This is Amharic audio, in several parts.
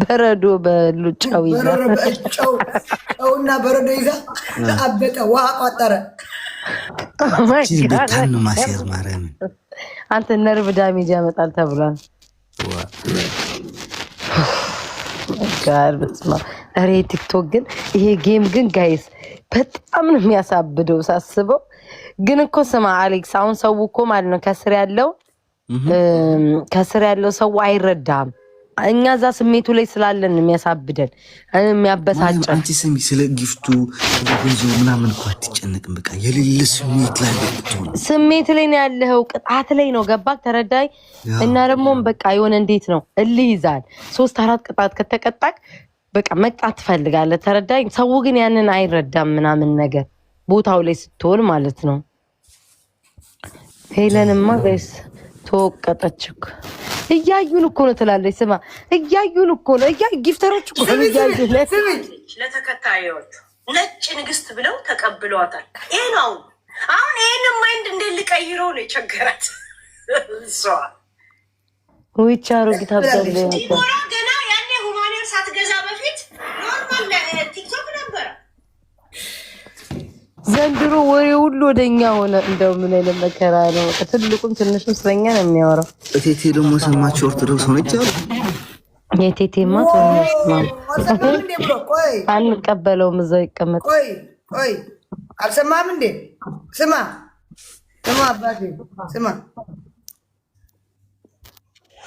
በረዶ በሉጫው ይዛ ጨውና በረዶ ይዛ አበጠ፣ ውሃ ቋጠረ። በጣም ማሴር ማርያምን አንተ ነርቭ ዳሜጅ ያመጣል ተብሏል። ጋር ብትማ ሬ ቲክቶክ ግን ይሄ ጌም ግን ጋይስ በጣም ነው የሚያሳብደው ሳስበው። ግን እኮ ስማ አሌክስ፣ አሁን ሰው እኮ ማለት ነው ከስር ያለው ከስር ያለው ሰው አይረዳም እኛ እዛ ስሜቱ ላይ ስላለን የሚያሳብደን የሚያበሳጨን። አንቺ ስሚ፣ ስለ ጊፍቱ ገንዘቡ ምናምን እኮ አትጨነቅም። በቃ የሌለ ስሜት ላይ ስሜት ላይ ነው ያለኸው፣ ቅጣት ላይ ነው። ገባክ? ተረዳይ። እና ደግሞ በቃ የሆነ እንዴት ነው እልህ ይዛል። ሶስት አራት ቅጣት ከተቀጣቅ በቃ መቅጣት ትፈልጋለህ። ተረዳይ። ሰው ግን ያንን አይረዳም ምናምን ነገር ቦታው ላይ ስትሆን ማለት ነው። ሄለንማ ገይስ ተወቀጠችክ። እያዩን እኮ ነው ትላለች። ስማ እያዩን እኮ ነው እያ ጊፍተሮች እኮ ነው እያዩን። ለተከታዮቹ ነጭ ንግስት ብለው ተቀብሏታል። ይህ ነው አሁን ይህን ማይንድ እንዴት ልቀይረው ነው የቸገራት እሷ ውቻ ሮጊት ሀብታምሆና ገና ያኔ ሁማኔር ሳትገዛ በፊት ኖርማል ቲክቶክ ነበረ። ዘንድሮ ወሬ ሁሉ ወደኛ ሆነ። እንደው ምን አይነት መከራ ነው! ትልቁም ትንሹም ስለኛ ነው የሚያወራው። እቴቴ ደግሞ ሰማች ኦርቶዶክስ ሆነች አሉ። የቴቴማ አንቀበለውም፣ እዛው ይቀመጥ። ቆይ አልሰማም እንዴ? ስማ ስማ፣ አባቴ ስማ።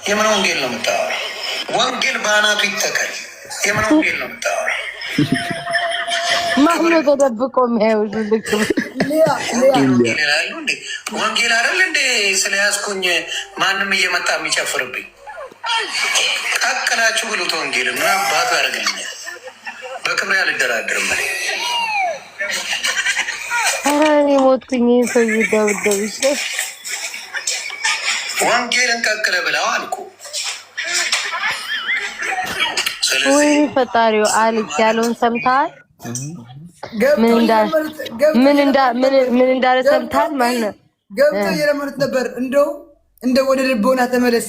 የምን ወንጌል ነው የምታወራው? ወንጌል በአናቱ ይተካል። የምን ወንጌል ነው የምታወራው? ማነው ተደብቆ የሚያዩሽ? ልክ ወንጌል አይደል እንዴ? ስለያዝኩኝ ማንም እየመጣ የሚጨፍርብኝ ቀቅላችሁ ብሉት። ወንጌል ምን አባቱ ያደርግልኛል? በክብሬ አልደራደርም። እኔ ሞትኩኝ። ሰው ይደብደብሽ። ወንጌልን ቀቅለ ብለው አልኩ። ወይ ፈጣሪው አልክ ያለውን ሰምተሃል? ምን እንዳለ ሰምታል ማለት ነው። ገብቶ እየለመኑት ነበር። እንደው እንደ ወደ ልቦና ተመለስ፣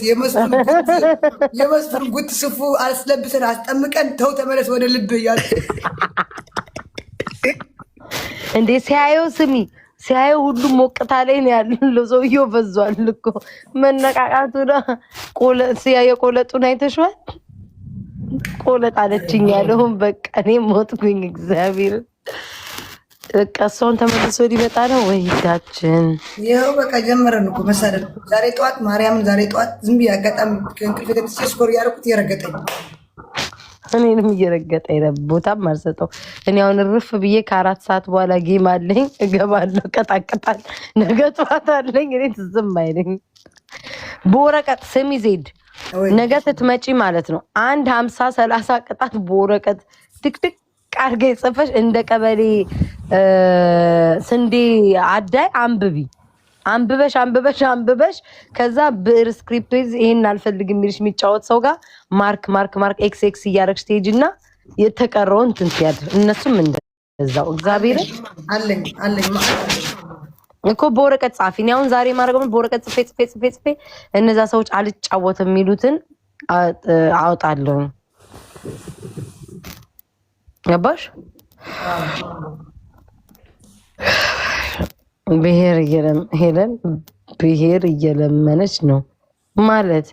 የመስፍን ጉት ስፉ አስለብሰን አስጠምቀን ተው ተመለስ ወደ ልብ እያሉ እንዴ ሲያየው ስሚ ሲያየው ሁሉም ሞቅታ ላይ ነው ያለው። ሰውየው በዟል እኮ መነቃቃቱና የቆለጡን አይተሽዋል። ቆለጥ አለችኝ ያለሁን በቃ እኔ ሞትኩኝ። እግዚአብሔር በቃ እሷን ተመልሶ ሊመጣ ነው ወይ ዳችን ይኸው በቃ ጀመረን እኮ መሳደብ። ዛሬ ጠዋት ማርያምን፣ ዛሬ ጠዋት ዝም ብዬ አጋጣሚ ከእንቅልፍ የተነሳ ስኮር እያደረኩት እየረገጠኝ እኔንም እየረገጠኝ ነው። ቦታም አልሰጠው። እኔ አሁን ርፍ ብዬ ከአራት ሰዓት በኋላ ጌም አለኝ እገባለሁ። ቀጣቀጣል ነገ ጠዋት አለኝ። እኔ ትዝም አይለኝ በወረቀት ስሚ ዜድ ነገ ስትመጪ ማለት ነው አንድ ሀምሳ ሰላሳ ቅጣት በወረቀት ትክትክ አድርገ ጽፈሽ እንደ ቀበሌ ስንዴ አዳይ አንብቢ አንብበሽ አንብበሽ አንብበሽ ከዛ ብዕር ስክሪፕት ይሄን አልፈልግ የሚልሽ የሚጫወት ሰው ጋር ማርክ ማርክ ማርክ ኤክስ ኤክስ እያደረግሽ ትሄጂ እና የተቀረውን ትንት ያድር እነሱም እንደዛው እግዚአብሔር አለኝ አለኝ እኮ በወረቀት ጻፊ። እኔ አሁን ዛሬ ማድረግ በወረቀት ጽፌ ጽፌ ጽፌ ጽፌ እነዛ ሰዎች አልጫወትም የሚሉትን አውጣለሁ ገባሽ? ብሄር ሄለን ብሄር እየለመነች ነው ማለት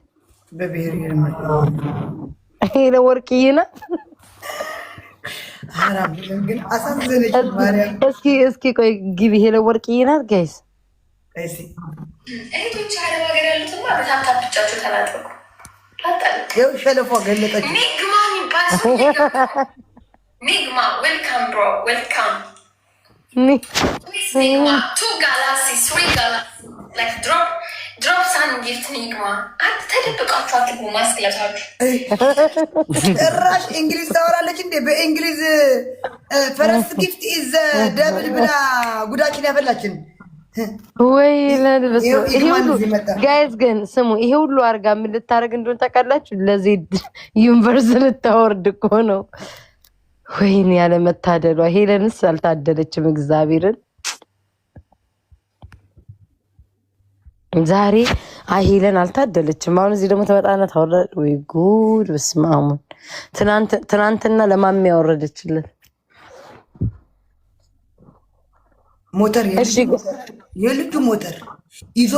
ሄለ ወርቅዬ ናት። እስኪ እስኪ ቆይ ግቢ ሄለ ወርቅዬ ናት ጋይስ እህቶች አረብ ሀገር ያሉትማ በጣም ታብቻቸው ተናጠቁ። ሸለፏ ገለጠች። ሚግማ የሚባል ሚግማ ዌልካም ብሮ ዌልካም ቱ ጋላክሲ ስሪ ጋላክሲ ድሮፕ ድሮፕ ሳን ጊፍት ኒግማ አንድ ተደብቃችሁ አትግቡ። ማስክለታችሁ ጭራሽ እንግሊዝ ታወራለች እንዴ? በእንግሊዝ ፈረስት ጊፍት ደብል ብላ ጉዳችን ያፈላችን ወይ ግን ስሙ፣ ይሄ ሁሉ አርጋ ምን ልታደርግ እንደሆነ ታውቃላችሁ? ለዜድ ዩኒቨርስ ልታወርድ እኮ ነው። ወይን ያለመታደሏ ሄለንስ አልታደለችም እግዚአብሔርን ዛሬ አሂለን አልታደለችም። አሁን እዚህ ደግሞ ተመጣና ታወራ። ወይ ጉድ! በስመ አብ ትናንትና ለማሚ ያወረደችለት ሞተር የልጁ ሞተር ይዞ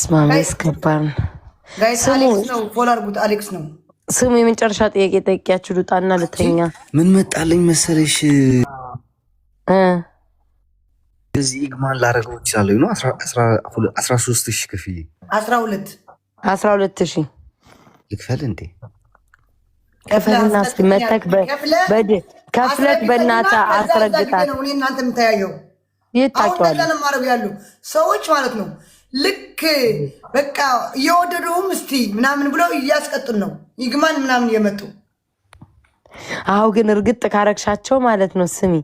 ስማሚ አብ አሌክስ ነው ስሙ። የመጨረሻ ጥያቄ ጠይቂያችሁ ልውጣና ልተኛ። ምን መጣለኝ መሰለሽ እዚህ ኢግማን ላደረገው ይችላለሁ ነው። አስራ ሶስት ሺህ ክፍዬ አስራ ሁለት አስራ ሁለት ሺህ ልክፈል እንዴ? ከፍለና ስትመተክ ከፍለክ በእናትህ አስረግጣት። እናንተ የምታያየው ይታቸዋለሁ ማረብ ያሉ ሰዎች ማለት ነው። ልክ በቃ እየወደዱሁም እስቲ ምናምን ብለው እያስቀጡን ነው ይግማን ምናምን እየመጡ አሁ ግን እርግጥ ካረግሻቸው ማለት ነው። ስሚ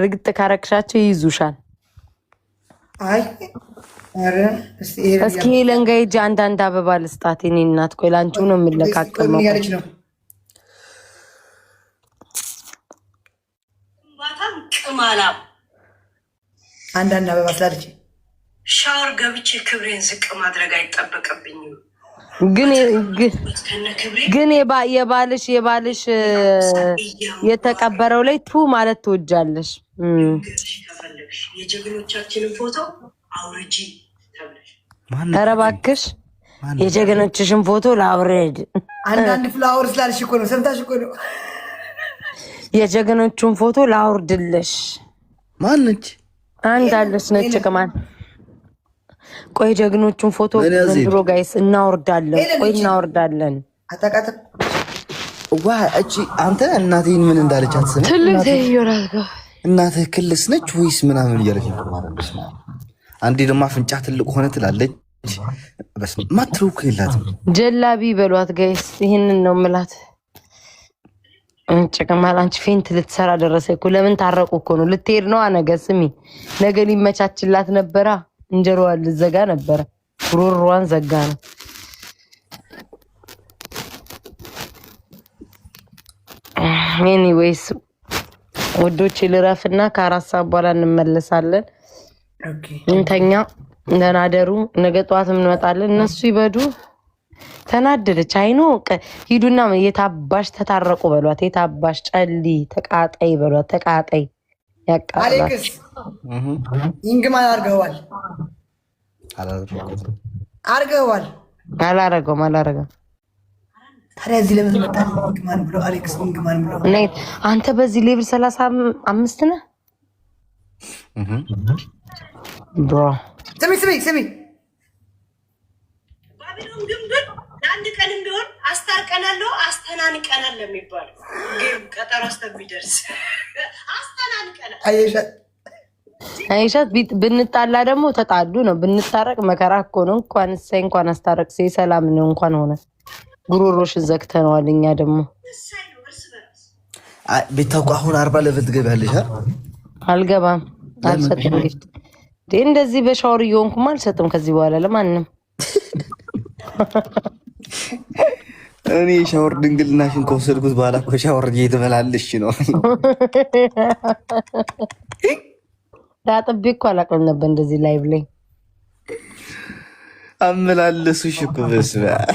እርግጥ ካረግሻቸው ይይዙሻል። እስኪ ለንጋ ጋ ሂጅ፣ አንዳንድ አበባ ልስጣት። የኔ እናት ቆይ ለአንቺው ነው የምለቃቀመው። አንዳንድ አበባ ስላለች ሻወር ገብቼ ክብሬን ዝቅ ማድረግ አይጠበቅብኝም። ግን የባልሽ የባልሽ የተቀበረው ላይ ቱ ማለት ትወጃለሽ ልንገርሽ ከፈለግሽ የጀግኖቻችንን ፎቶ አውርጂ ተብለሽ፣ ኧረ እባክሽ የጀግኖችሽን ፎቶ ላውረድ። አንዳንድ ፍላወር ስላልሽ እኮ ነው፣ ሰምታሽ እኮ ነው። የጀግኖቹን ፎቶ ላውርድልሽ። ማነች? አንድ አለች ነጭ ቅማል። ቆይ ጀግኖቹን ፎቶ ዘንድሮ ጋይስ እናወርዳለን። ቆይ እናወርዳለን። ዋ እቺ አንተ እናቴን ምን እንዳለች አትሰማም። ትልቅ ዜዮራት ጋር እናትህ ክልስ ነች ወይስ ምናምን እያለች ማለት ነው። አንዴ ደግሞ አፍንጫ ትልቅ ሆነ ትላለች። ማትረው የላትም። ጀላቢ በሏት ጋይስ፣ ይህንን ነው የምላት። ጭቅማል አንቺ ፌንት ልትሰራ ደረሰ እኮ። ለምን ታረቁ እኮ ነው። ልትሄድ ነዋ ነገ። ስሚ ነገ ሊመቻችላት ነበራ። እንጀሮዋን ልዘጋ ነበረ። ጉሮሮዋን ዘጋ ነው። ኤኒዌይስ ውዶች ልረፍና ከአራት ሰዓት በኋላ እንመለሳለን። እንተኛ ለናደሩ ነገ ጠዋት እንመጣለን። እነሱ ይበዱ። ተናደደች። አይኖ ሂዱና የታባሽ ተታረቁ በሏት። የታባሽ ጨሊ ተቃጠይ በሏት። ተቃጠይ ያቃአሌክስ ኢንግማን አርገዋል አርገዋል። አላረገውም አላረገውም ታዲያ እዚህ ለምን መጣ? ግማን ብሎ አሌክስ ግማን ብሎ አንተ በዚህ ሌቭል ሰላሳ አምስት ነህ ብሮ። ስሚ ስሚ ስሚ ባቢሎን ግንብን ለአንድ ቀንም ቢሆን አስታርቀናለሁ አስተናንቀናል ለሚባለው ግን ቀጠሮ እስከሚደርስ አስተናንቀናል። አየሻት አይሻት ብንጣላ ደግሞ ተጣሉ ነው፣ ብንታረቅ መከራ እኮ ነው። እንኳን እሰይ እንኳን አስታረቅ ሰላም ነው እንኳን ሆነ ጉሮሮሽን ዘግተነዋል። እኛ ደግሞ ቤታውቁ አሁን አርባ ለበት ትገቢያለሽ? አልገባም፣ አልሰጥም ጊፍት እንደዚህ በሻወር እየሆንኩማ አልሰጥም ከዚህ በኋላ ለማንም። እኔ ሻወር ድንግልናሽን ከወሰድኩት በኋላ ሻወር እየተመላለሽ ነው። ዳጥቤ እኮ አላቅም ነበር እንደዚህ ላይቭ ላይ አመላለሱሽ እኮ በስመ አብ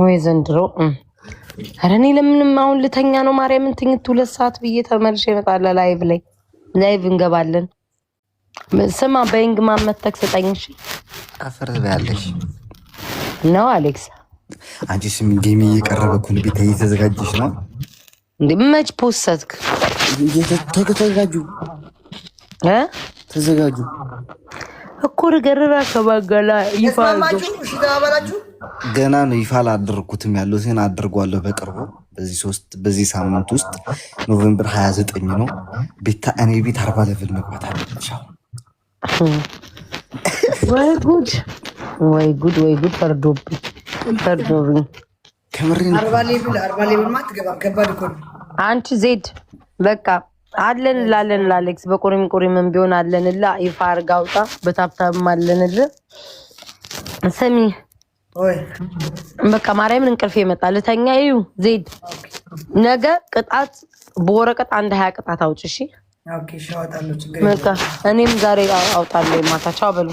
ወይ ዘንድሮ ኧረ እኔ ለምንም አሁን ልተኛ ነው። ማርያምን ትኝት ሁለት ሰዓት ብዬ ተመልሼ እመጣለሁ። ላይቭ ላይ ላይቭ እንገባለን። ስማ በይንግ ማመተክ ስጠኝ። እሺ አፈር ያለሽ ነው አሌክስ። አንቺ ስም ጌሚ እየቀረበ ኩል ቤት እየተዘጋጀሽ ነው። መች ፖስትክ ተዘጋጁ ተዘጋጁ እኮ ንገርራ ከባገላ ይፋ ገና ነው ይፋ አላደረኩትም ያለው ሲሆን አድርጓለሁ በቅርቡ በዚህ ሳምንት ውስጥ ኖቬምበር 29 ነው። ቤታ እኔ ቤት አርባ ለብል መግባት አለብሽ። ወይ ጉድ ወይ ጉድ ወይ ጉድ! ፈርዶብኝ ፈርዶብኝ። አንቺ ዜድ በቃ አለን ላለን ላሌክስ በቁሪም ቁሪምም ቢሆን አለንላ። ይፋ አርጋ አውጣ። አለንል ሰሚ በቃ ማርያምን እንቅልፍ የመጣ ልተኛ። እዩ ዜድ ነገ ቅጣት በወረቀት አንድ ሀያ ቅጣት አውጭ። እሺ እኔም ዛሬ አውጣለሁ። ቻው በሉ